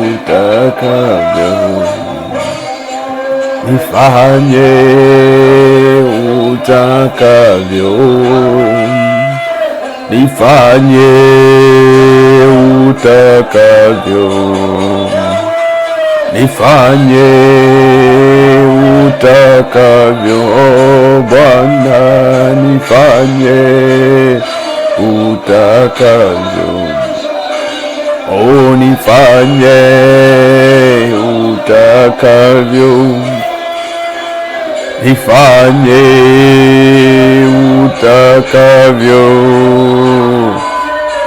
utakavyo nifanye utakavyo nifanye utakavyo nifanye utakavyo Bwana nifanye utakavyo unifanye utakavyo, nifanye utakavyo,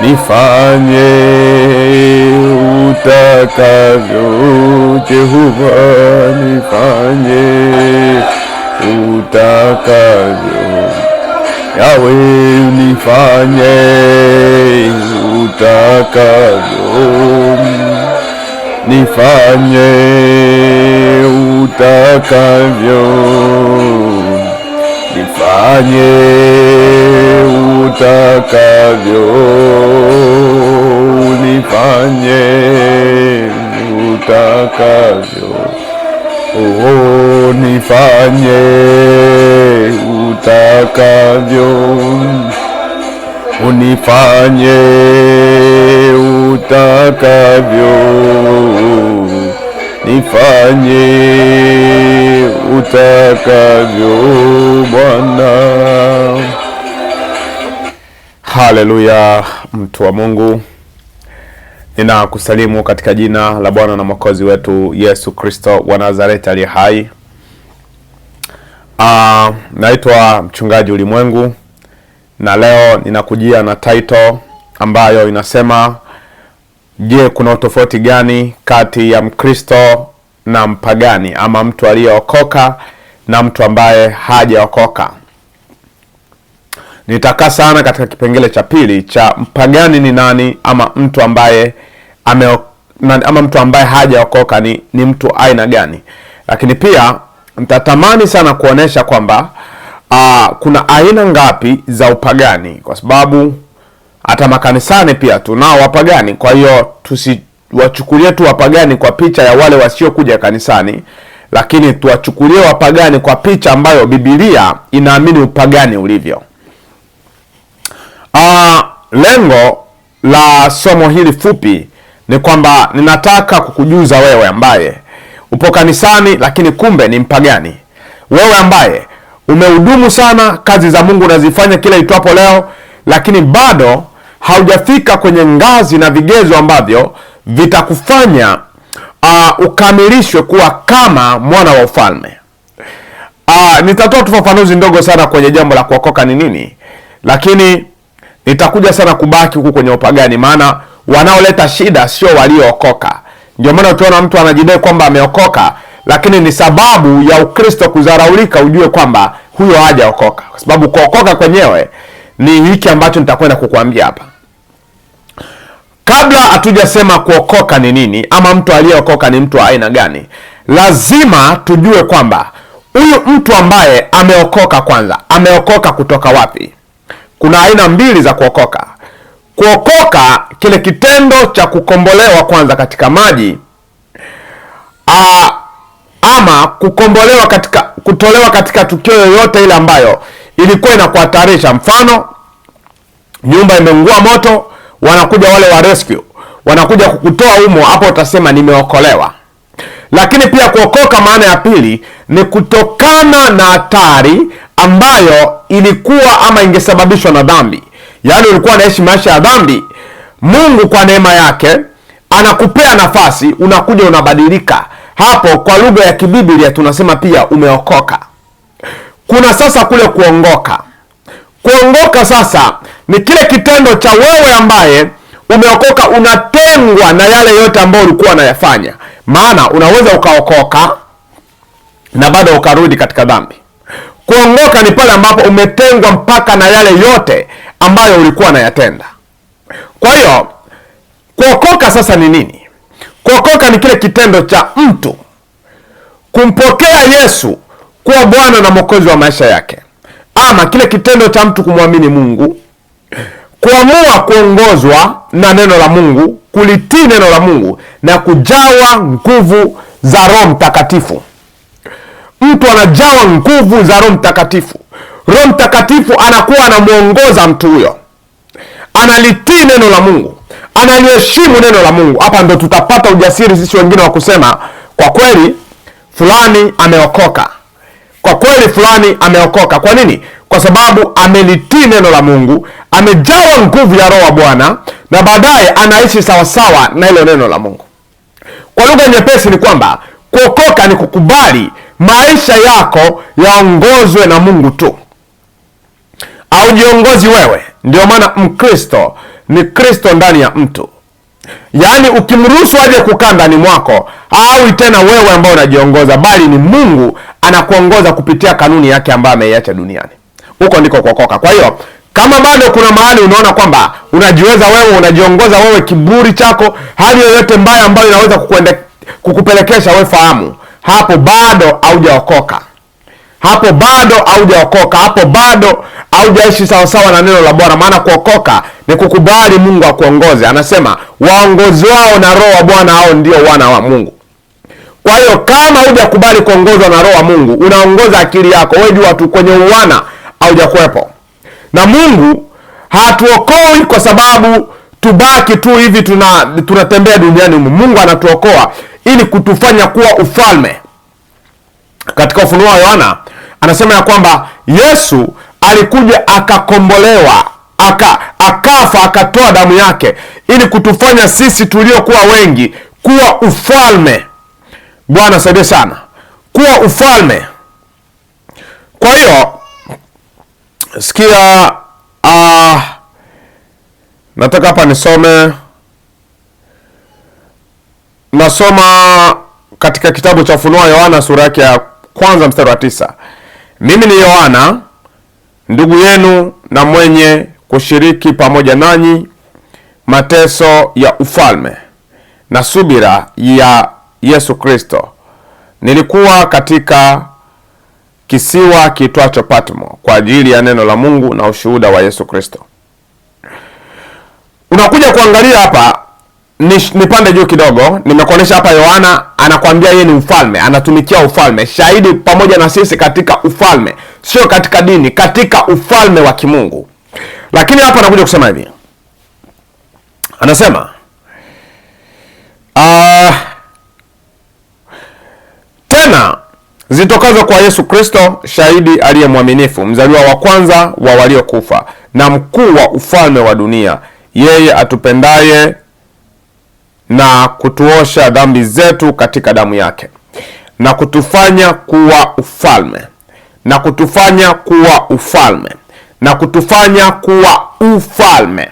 nifanye utakavyo, Jehova, nifanye utakavyo, Yawe, unifanye utakavyo, nifanye utakavyo, nifanye utakavyo, nifanye utakavyo, oh, nifanye utakavyo unifanye utakavyo, nifanye utakavyo Bwana. Haleluya, mtu wa Mungu, ninakusalimu katika jina la Bwana na Mwokozi wetu Yesu Kristo wa Nazareti aliye hai. Uh, naitwa Mchungaji Ulimwengu na leo ninakujia na title ambayo inasema je, kuna utofauti gani kati ya Mkristo na mpagani ama mtu aliyeokoka na mtu ambaye hajaokoka? Nitakaa sana katika kipengele cha pili cha mpagani ni nani ama mtu ambaye ame, ama mtu ambaye hajaokoka ni, ni mtu aina gani, lakini pia nitatamani sana kuonesha kwamba Aa, ah, kuna aina ngapi za upagani, kwa sababu hata makanisani pia tunao wapagani. Kwa hiyo tusiwachukulie tu wapagani kwa picha ya wale wasiokuja kanisani, lakini tuwachukulie wapagani kwa picha ambayo Biblia inaamini upagani ulivyo. Uh, lengo la somo hili fupi ni kwamba ninataka kukujuza wewe ambaye upo kanisani lakini kumbe ni mpagani, wewe ambaye umehudumu sana, kazi za Mungu unazifanya kila itwapo leo, lakini bado haujafika kwenye ngazi na vigezo ambavyo vitakufanya uh, ukamilishwe kuwa kama mwana wa ufalme. Uh, nitatoa tufafanuzi ndogo sana kwenye jambo la kuokoka ni nini, lakini nitakuja sana kubaki huku kwenye upagani, maana wanaoleta shida sio waliookoka. Ndio maana utaona mtu anajidai kwamba ameokoka lakini ni sababu ya Ukristo kuzaraulika ujue kwamba huyo hajaokoka, kwa sababu kuokoka kwenyewe ni hiki ambacho nitakwenda kukuambia hapa. Kabla hatujasema kuokoka ni nini ama mtu aliyeokoka ni mtu wa aina gani, lazima tujue kwamba huyu mtu ambaye ameokoka kwanza, ameokoka kutoka wapi? Kuna aina mbili za kuokoka. Kuokoka kile kitendo cha kukombolewa kwanza katika maji ama kukombolewa katika kutolewa katika tukio yoyote ile ambayo ilikuwa inakuhatarisha. Mfano, nyumba imeungua moto, wanakuja wale wa rescue, wanakuja kukutoa umo hapo utasema nimeokolewa. Lakini pia kuokoka, maana ya pili ni kutokana na hatari ambayo ilikuwa ama ingesababishwa na dhambi, yaani ulikuwa naishi maisha ya dhambi. Mungu kwa neema yake anakupea nafasi, unakuja unabadilika hapo kwa lugha ya kibiblia tunasema pia umeokoka. Kuna sasa kule kuongoka. Kuongoka sasa ni kile kitendo cha wewe ambaye umeokoka, unatengwa na yale yote ambayo ulikuwa unayafanya. Maana unaweza ukaokoka na bado ukarudi katika dhambi. Kuongoka ni pale ambapo umetengwa mpaka na yale yote ambayo ulikuwa unayatenda. Kwa hiyo kuokoka sasa ni nini? Kuokoka ni kile kitendo cha mtu kumpokea Yesu kuwa Bwana na Mwokozi wa maisha yake, ama kile kitendo cha mtu kumwamini Mungu, kuamua kuongozwa na neno la Mungu, kulitii neno la Mungu na kujawa nguvu za Roho Mtakatifu. Mtu anajawa nguvu za Roho Mtakatifu. Roho Mtakatifu anakuwa anamwongoza mtu huyo, analitii neno la Mungu analiheshimu neno la Mungu. Hapa ndo tutapata ujasiri sisi wengine wa kusema kwa kweli fulani ameokoka, kwa kweli fulani ameokoka. Kwa nini? Kwa sababu amelitii neno la Mungu, amejawa nguvu ya Roho wa Bwana, na baadaye anaishi sawasawa na hilo neno la Mungu. Kwa lugha nyepesi, ni kwamba kuokoka ni kukubali maisha yako yaongozwe na Mungu tu, aujiongozi wewe. Ndiyo maana Mkristo ni Kristo ndani ya mtu, yaani ukimruhusu aje kukaa ndani mwako, hawi tena wewe ambao unajiongoza, bali ni Mungu anakuongoza kupitia kanuni yake ambayo ameiacha duniani. Huko ndiko kuokoka. Kwa hiyo kama bado kuna mahali unaona kwamba unajiweza wewe, unajiongoza wewe, kiburi chako, hali yoyote mbaya ambayo inaweza kukupelekesha wewe, fahamu hapo bado haujaokoka hapo bado haujaokoka, hapo bado haujaishi sawasawa na neno la Bwana. Maana kuokoka ni kukubali Mungu akuongoze. Anasema waongozi wao na Roho wa Bwana, hao ndio wana wa Mungu. Kwa hiyo kama hujakubali kuongozwa na Roho wa Mungu, unaongoza akili yako. Wewe jua tu kwenye uwana haujakuwepo na Mungu. Hatuokoi kwa sababu tubaki tu hivi tuna tunatembea duniani humu. Mungu anatuokoa ili kutufanya kuwa ufalme katika Ufunuo wa Yohana anasema ya kwamba Yesu alikuja akakombolewa aka, akafa akatoa damu yake ili kutufanya sisi tuliokuwa wengi kuwa ufalme. Bwana saidie sana, kuwa ufalme. Kwa hiyo sikia, uh, nataka hapa nisome, nasoma katika kitabu cha Ufunuo wa Yohana sura yake ya kwanza mstari wa tisa mimi ni Yohana ndugu yenu na mwenye kushiriki pamoja nanyi mateso ya ufalme na subira ya Yesu Kristo, nilikuwa katika kisiwa kitwacho Patmo kwa ajili ya neno la Mungu na ushuhuda wa Yesu Kristo. Unakuja kuangalia hapa nipande juu kidogo, nimekuonesha hapa. Yohana anakwambia yeye ni ufalme anatumikia ufalme, shahidi pamoja na sisi katika ufalme, sio katika dini, katika ufalme wa Kimungu. Lakini hapa anakuja kusema hivi, anasema uh, tena zitokazo kwa Yesu Kristo, shahidi aliye mwaminifu, mzaliwa wa kwanza wa waliokufa na mkuu wa ufalme wa dunia, yeye atupendaye na kutuosha dhambi zetu katika damu yake na kutufanya kuwa ufalme na kutufanya kuwa ufalme na kutufanya kuwa ufalme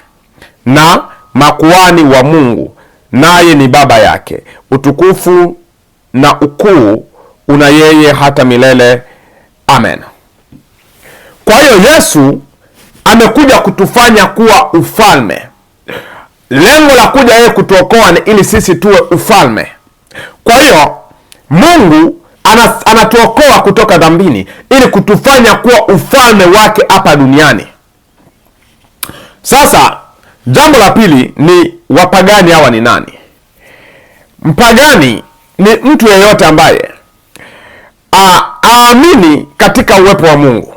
na makuani wa Mungu, naye ni Baba yake. Utukufu na ukuu una yeye hata milele. Amen. Kwa hiyo Yesu amekuja kutufanya kuwa ufalme lengo la kuja yeye kutuokoa ni ili sisi tuwe ufalme. Kwa hiyo Mungu anatuokoa kutoka dhambini ili kutufanya kuwa ufalme wake hapa duniani. Sasa jambo la pili ni wapagani hawa ni nani? Mpagani ni mtu yeyote ambaye aamini katika uwepo wa Mungu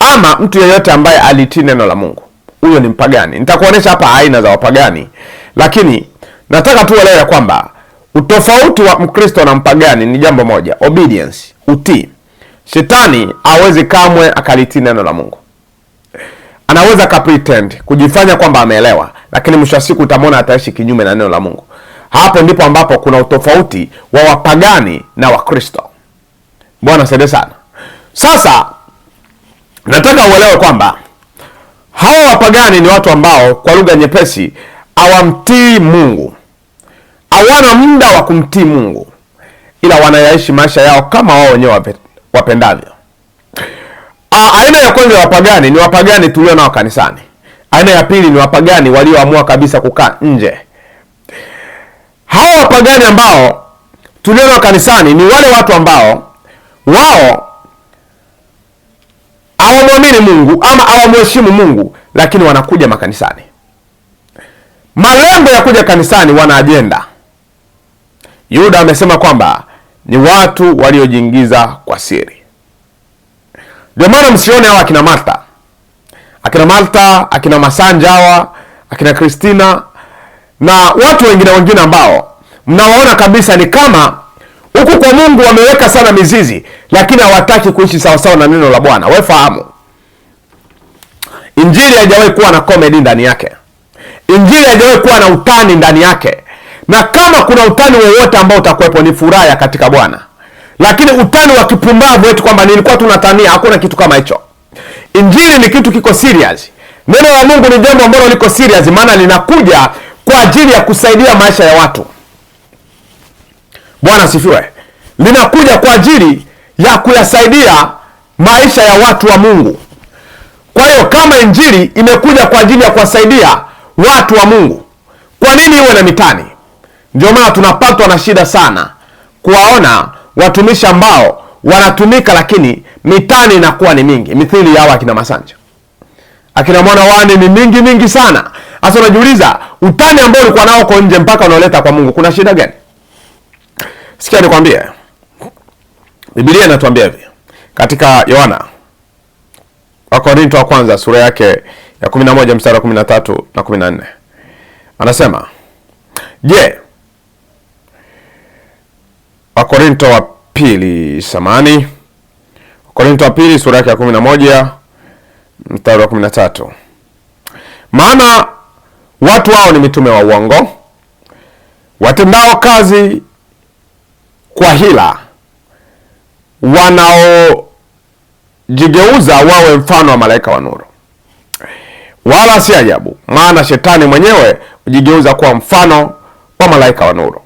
ama mtu yeyote ambaye alitii neno la Mungu huyo ni mpagani. Nitakuonesha hapa aina za wapagani, lakini nataka tu uelewe kwamba utofauti wa Mkristo na mpagani ni jambo moja, obedience, utii. Shetani hawezi kamwe akalitii neno la Mungu. Anaweza aka pretend kujifanya kwamba ameelewa, lakini mwisho wa siku utamwona ataishi kinyume na neno la Mungu. Hapo ndipo ambapo kuna utofauti wa wapagani na Wakristo. Bwana saidie sana. Sasa nataka uelewe kwamba Hawa wapagani ni watu ambao kwa lugha nyepesi hawamtii Mungu, hawana muda wa kumtii Mungu, ila wanayaishi maisha yao kama wao wenyewe wapendavyo. Aina ya kwanza ya wapagani ni wapagani tulio nao kanisani. Aina ya pili ni wapagani walioamua kabisa kukaa nje. Hawa wapagani ambao tulio nao kanisani ni wale watu ambao wao hawamwamini Mungu ama hawamheshimu Mungu, lakini wanakuja makanisani. Malengo ya kuja kanisani, wana ajenda. Yuda amesema kwamba ni watu waliojiingiza kwa siri. Ndio maana msione hawa akina Martha, akina Martha, akina Masanja hawa akina Kristina na watu wengine wengine ambao mnawaona kabisa ni kama Huku kwa Mungu wameweka sana mizizi, lakini hawataki kuishi sawasawa na neno la Bwana. Wewe fahamu, injili haijawahi kuwa na comedy ndani yake, injili haijawahi kuwa na utani ndani yake, na kama kuna utani wowote ambao utakuwepo ni furaha katika Bwana, lakini utani wa kipumbavu wetu kwamba nilikuwa tunatania, hakuna kitu kama hicho. Injili ni kitu kiko serious. Neno la Mungu ni jambo ambalo liko serious, maana linakuja kwa ajili ya kusaidia maisha ya watu. Bwana sifiwe. Linakuja kwa ajili ya kuyasaidia maisha ya watu wa Mungu. Kwa hiyo kama injili imekuja kwa ajili ya kuwasaidia watu wa Mungu, kwa nini iwe na mitani? Ndio maana tunapatwa na shida sana kuwaona watumishi ambao wanatumika, lakini mitani inakuwa ni mingi, mithili yao akina Masanja, akina mwana wani, ni mingi mingi sana. Hasa unajiuliza utani ambao ulikuwa nao uko nje mpaka unaoleta kwa Mungu, kuna shida gani? Sikia nikwambie, Biblia inatuambia hivi katika Yohana Wakorinto wa kwanza sura yake ya 11 mstari wa 13 na 14, anasema je, Wakorinto wa pili samani, Wakorinto wa pili sura yake ya 11 mstari wa 13, maana watu wao ni mitume wa uongo watendao kazi kwa hila, wanaojigeuza wawe mfano wa malaika wa nuru. Wala si ajabu, maana shetani mwenyewe hujigeuza kuwa mfano wa malaika wa nuru.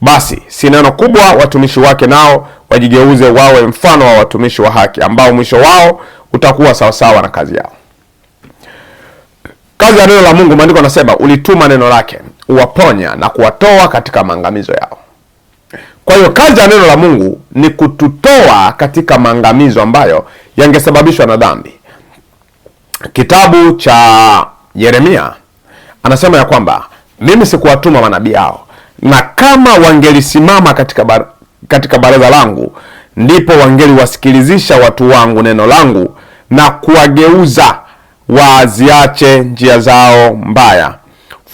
Basi si neno kubwa watumishi wake nao wajigeuze wawe mfano wa watumishi wa haki, ambao mwisho wao utakuwa sawasawa na kazi yao. Kazi ya neno la Mungu, maandiko anasema, ulituma neno lake uwaponya na kuwatoa katika maangamizo yao. Kwa hiyo kazi ya neno la Mungu ni kututoa katika maangamizo ambayo yangesababishwa na dhambi. Kitabu cha Yeremia anasema ya kwamba mimi sikuwatuma manabii hao, na kama wangelisimama katika bar katika baraza langu, ndipo wangeliwasikilizisha watu wangu neno langu na kuwageuza waziache njia zao mbaya.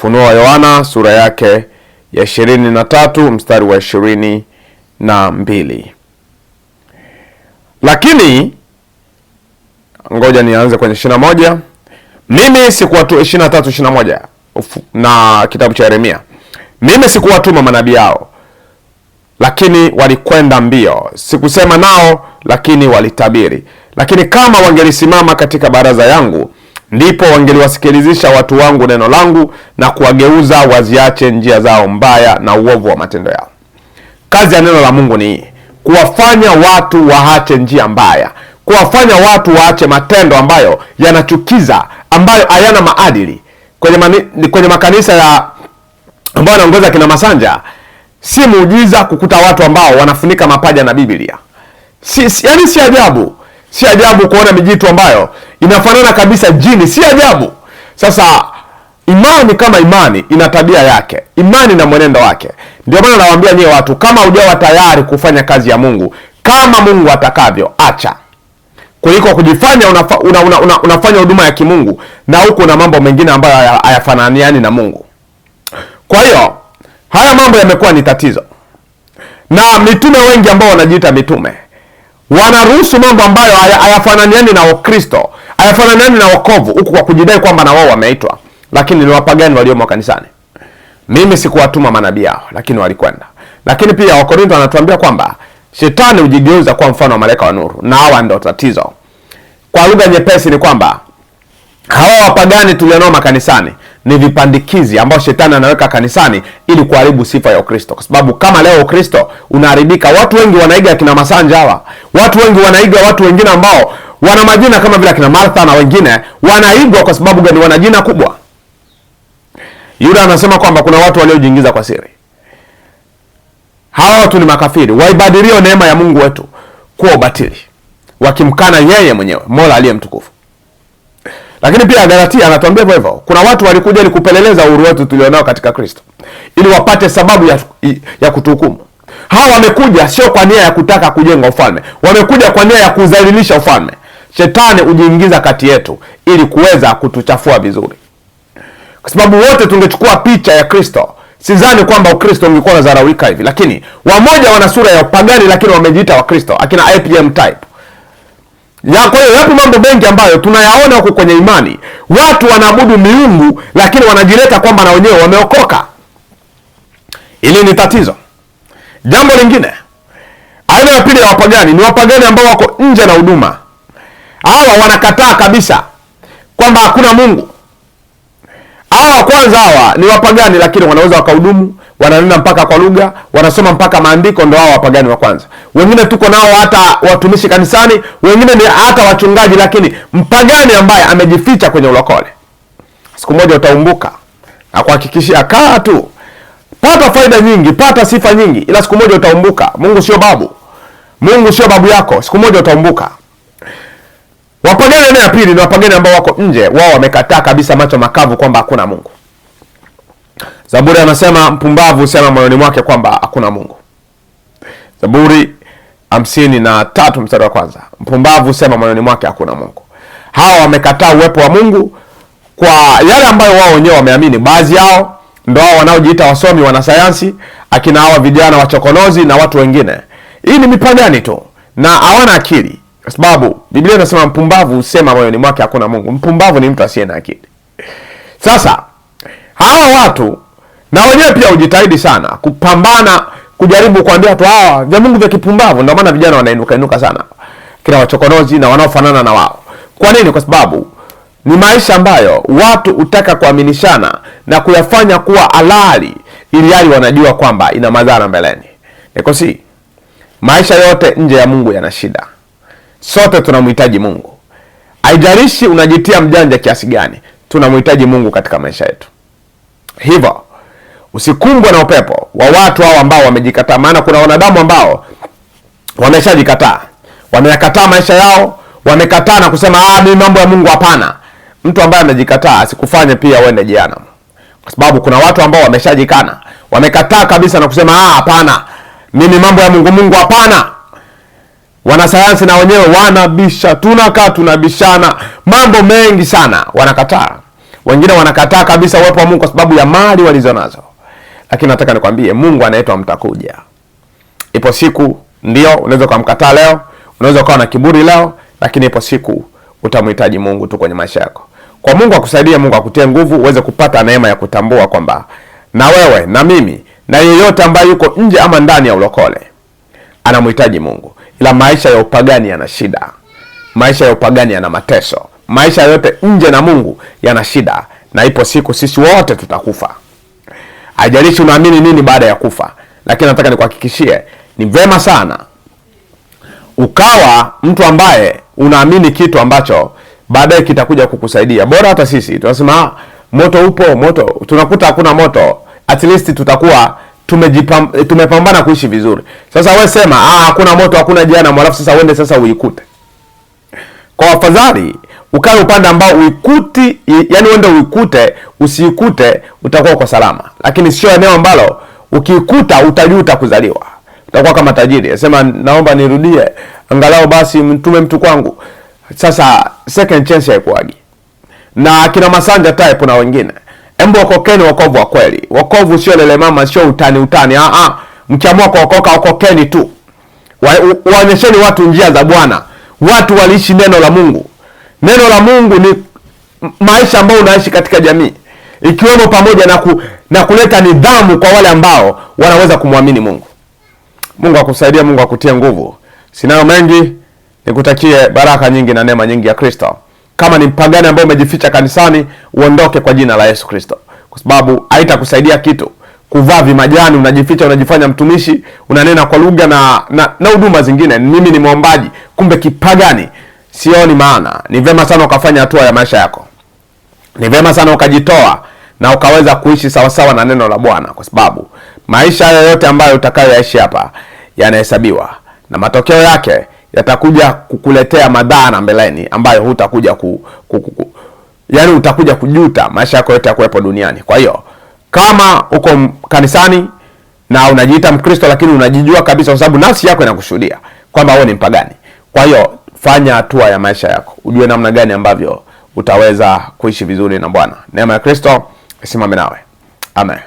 Funua Yohana sura yake ya ishirini na tatu mstari wa ishirini na mbili. Lakini ngoja nianze kwenye ishirini na moja mimi sikuwatu ishirini na tatu ishirini na moja na kitabu cha Yeremia, mimi sikuwatuma manabii yao, lakini walikwenda mbio, sikusema nao, lakini walitabiri. Lakini kama wangelisimama katika baraza yangu ndipo wangeliwasikilizisha watu wangu neno langu na kuwageuza waziache njia zao mbaya na uovu wa matendo yao. Kazi ya neno la Mungu ni hii, kuwafanya watu waache njia mbaya, kuwafanya watu waache matendo ambayo yanachukiza, ambayo hayana maadili. Kwenye, mani, kwenye makanisa ya ambayo anaongoza kina Masanja, si muujiza kukuta watu ambao wanafunika mapaja na Biblia. Si, si, yaani si ajabu Si ajabu kuona mijitu ambayo inafanana kabisa jini, si ajabu. Sasa imani kama imani ina tabia yake, imani na mwenendo wake. Ndio maana nawaambia nyie watu, kama hujawa tayari kufanya kazi ya Mungu kama Mungu atakavyo, acha kuliko kujifanya unafa, una, una, una, unafanya huduma ya kimungu na huko na mambo mengine ambayo hayafananiani na Mungu. Kwa hiyo haya mambo yamekuwa ni tatizo, na mitume wengi ambao wanajiita mitume wanaruhusu mambo ambayo hayafananiani na Ukristo, hayafananiani na wokovu, huku kwa kujidai kwamba na wao wameitwa, lakini ni wapagani waliomo kanisani. Mimi sikuwatuma manabii hao, lakini walikwenda. Lakini pia wakorinto anatuambia kwamba shetani hujigeuza kwa mfano wa malaika wa nuru, na hawa ndio tatizo. Kwa lugha nyepesi ni kwamba hawa wapagani tulionao makanisani ni vipandikizi ambao shetani anaweka kanisani ili kuharibu sifa ya Ukristo, kwa sababu kama leo Ukristo unaharibika, watu wengi wanaiga akina Masanja hawa, watu wengi wanaiga watu wengine ambao wana majina kama vile akina Martha na wengine, wanaigwa kwa sababu gani? Wana jina kubwa. Yuda anasema kwamba kuna watu waliojiingiza kwa siri. Hawa watu ni makafiri waibadilio neema ya Mungu wetu kuwa ubatili, wakimkana yeye mwenyewe Mola aliye mtukufu. Lakini pia Galatia anatuambia hivyo hivyo. Kuna watu walikuja ili kupeleleza uhuru wetu tulionao katika Kristo ili wapate sababu ya, ya kutuhukumu. Hawa wamekuja sio kwa nia ya kutaka kujenga ufalme, wamekuja kwa nia ya kudhalilisha ufalme. Shetani hujiingiza kati yetu ili kuweza kutuchafua vizuri, kwa sababu wote tungechukua picha ya Kristo. Sidhani kwamba Ukristo ungekuwa unadharaulika hivi, lakini wamoja wana sura ya upagani, lakini wamejiita Wakristo, akina IPM type ya. Kwa hiyo yapo mambo mengi ambayo tunayaona huko kwenye imani, watu wanaabudu miungu lakini wanajileta kwamba na wenyewe wameokoka. Hili ni tatizo. Jambo lingine, aina ya pili ya wapagani ni wapagani ambao wako nje na huduma. Hawa wanakataa kabisa kwamba hakuna Mungu. Hawa kwanza, hawa ni wapagani, lakini wanaweza wakahudumu wananena mpaka kwa lugha, wanasoma mpaka maandiko, ndo hao wapagani wa kwanza. Wengine tuko nao hata watumishi kanisani, wengine ni hata wachungaji, lakini mpagani ambaye amejificha kwenye ulokole, siku moja utaumbuka, akuhakikishia kaa tu, pata faida nyingi, pata sifa nyingi, ila siku moja utaumbuka. Mungu sio babu, Mungu sio babu yako, siku moja utaumbuka. Wapagani aina ya pili ni wapagani ambao wako nje, wao wamekataa kabisa, macho makavu, kwamba hakuna Mungu. Zaburi anasema mpumbavu husema moyoni mwake kwamba hakuna Mungu. Zaburi hamsini na tatu mstari wa kwanza, mpumbavu husema moyoni mwake hakuna Mungu. Hawa wamekataa uwepo wa Mungu kwa yale ambayo wao wenyewe wameamini. Baadhi yao ndo hao wanaojiita wasomi, wanasayansi, akina hawa vijana wachokonozi na watu wengine. Hii ni mipagani tu na hawana akili, kwa sababu Biblia inasema mpumbavu husema moyoni mwake hakuna Mungu. Mpumbavu ni mtu asiye na akili. Sasa hawa watu na wenyewe pia ujitahidi sana kupambana, kujaribu kuambia watu hawa ah, vya Mungu vya kipumbavu. Ndio maana vijana wanainuka inuka sana kila wachokonozi na wanaofanana na wao. Kwa nini? Kwa sababu ni maisha ambayo watu hutaka kuaminishana na kuyafanya kuwa alali ili hali wanajua kwamba ina madhara mbeleni. Nikosi, maisha yote nje ya Mungu yana shida. Sote tunamhitaji Mungu, haijalishi unajitia mjanja kiasi gani, tunamhitaji Mungu katika maisha yetu hivyo Usikumbwe na upepo wa watu hao ambao wamejikataa, maana kuna wanadamu ambao wameshajikataa, wameyakataa maisha yao, wamekataa na kusema ah, mimi mambo ya Mungu hapana. Mtu ambaye amejikataa asikufanye pia uende jehanamu, kwa sababu kuna watu ambao wameshajikana, wamekataa kabisa na kusema ah, hapana, mimi mambo ya Mungu Mungu hapana. Wanasayansi na wenyewe wanabisha, tunakaa tunabishana mambo mengi sana, wanakataa wengine wanakataa kabisa uwepo wa Mungu kwa sababu ya mali walizonazo. Lakini nataka nikwambie, Mungu anaitwa mtakuja. Ipo siku ndio unaweza ukamkataa leo, unaweza ukawa na kiburi leo, lakini ipo siku utamhitaji Mungu tu kwenye maisha yako. Kwa Mungu akusaidie, Mungu akutie nguvu uweze kupata neema ya kutambua kwamba na wewe na mimi na yeyote ambaye yuko nje ama ndani ya ulokole anamhitaji Mungu, ila maisha ya upagani yana shida, maisha ya upagani yana mateso, maisha yote nje na Mungu yana shida, na ipo siku sisi wote tutakufa haijalishi unaamini nini baada ya kufa, lakini nataka nikuhakikishie ni vema sana ukawa mtu ambaye unaamini kitu ambacho baadaye kitakuja kukusaidia. Bora hata sisi tunasema ah, moto upo, moto tunakuta hakuna moto, at least tutakuwa tumepambana kuishi vizuri. Sasa wewe sema ah, hakuna moto, hakuna jana, halafu sasa uende sasa uikute kwa afadhali ukae upande ambao uikuti, yani uende uikute, usiikute, utakuwa kwa salama, lakini sio eneo ambalo ukiikuta utajuta kuzaliwa, utakuwa kama tajiri. Nasema naomba nirudie, angalau basi mtume mtu kwangu. Sasa second chance haikuagi na kina Masanja type na wengine, embo wakokeni wokovu wa kweli. wokovu sio lele mama, sio utani utani. Ah ah, mkiamua kuokoka wakokeni tu, waonyesheni watu njia za Bwana. Watu waliishi neno la Mungu. Neno la Mungu ni maisha ambayo unaishi katika jamii, ikiwemo pamoja na, ku, na kuleta nidhamu kwa wale ambao wanaweza kumwamini Mungu. Mungu akusaidia, Mungu akutie nguvu. Sinayo mengi, nikutakie baraka nyingi na neema nyingi ya Kristo. Kama ni mpagani ambaye umejificha kanisani, uondoke kwa jina la Yesu Kristo, kwa sababu haitakusaidia kitu kuvaa vimajani, unajificha, unajifanya mtumishi, unanena kwa lugha na na huduma zingine. Mimi ni mwombaji, kumbe kipagani sioni maana. Ni vema sana ukafanya hatua ya maisha yako, ni vema sana ukajitoa na ukaweza kuishi sawasawa na neno la Bwana, kwa sababu maisha yoyote ambayo utakayoyaishi hapa yanahesabiwa na matokeo yake yatakuja kukuletea madhara mbeleni ambayo hutakuja ku, ku, ku, ku, yani utakuja kujuta maisha yako yote yakuwepo duniani. Kwa hiyo kama uko kanisani na unajiita Mkristo lakini unajijua kabisa, kwa sababu nafsi yako inakushuhudia kwamba wewe ni mpagani. Kwa hiyo fanya hatua ya maisha yako, ujue namna gani ambavyo utaweza kuishi vizuri na Bwana. Neema ya Kristo isimame nawe, amen.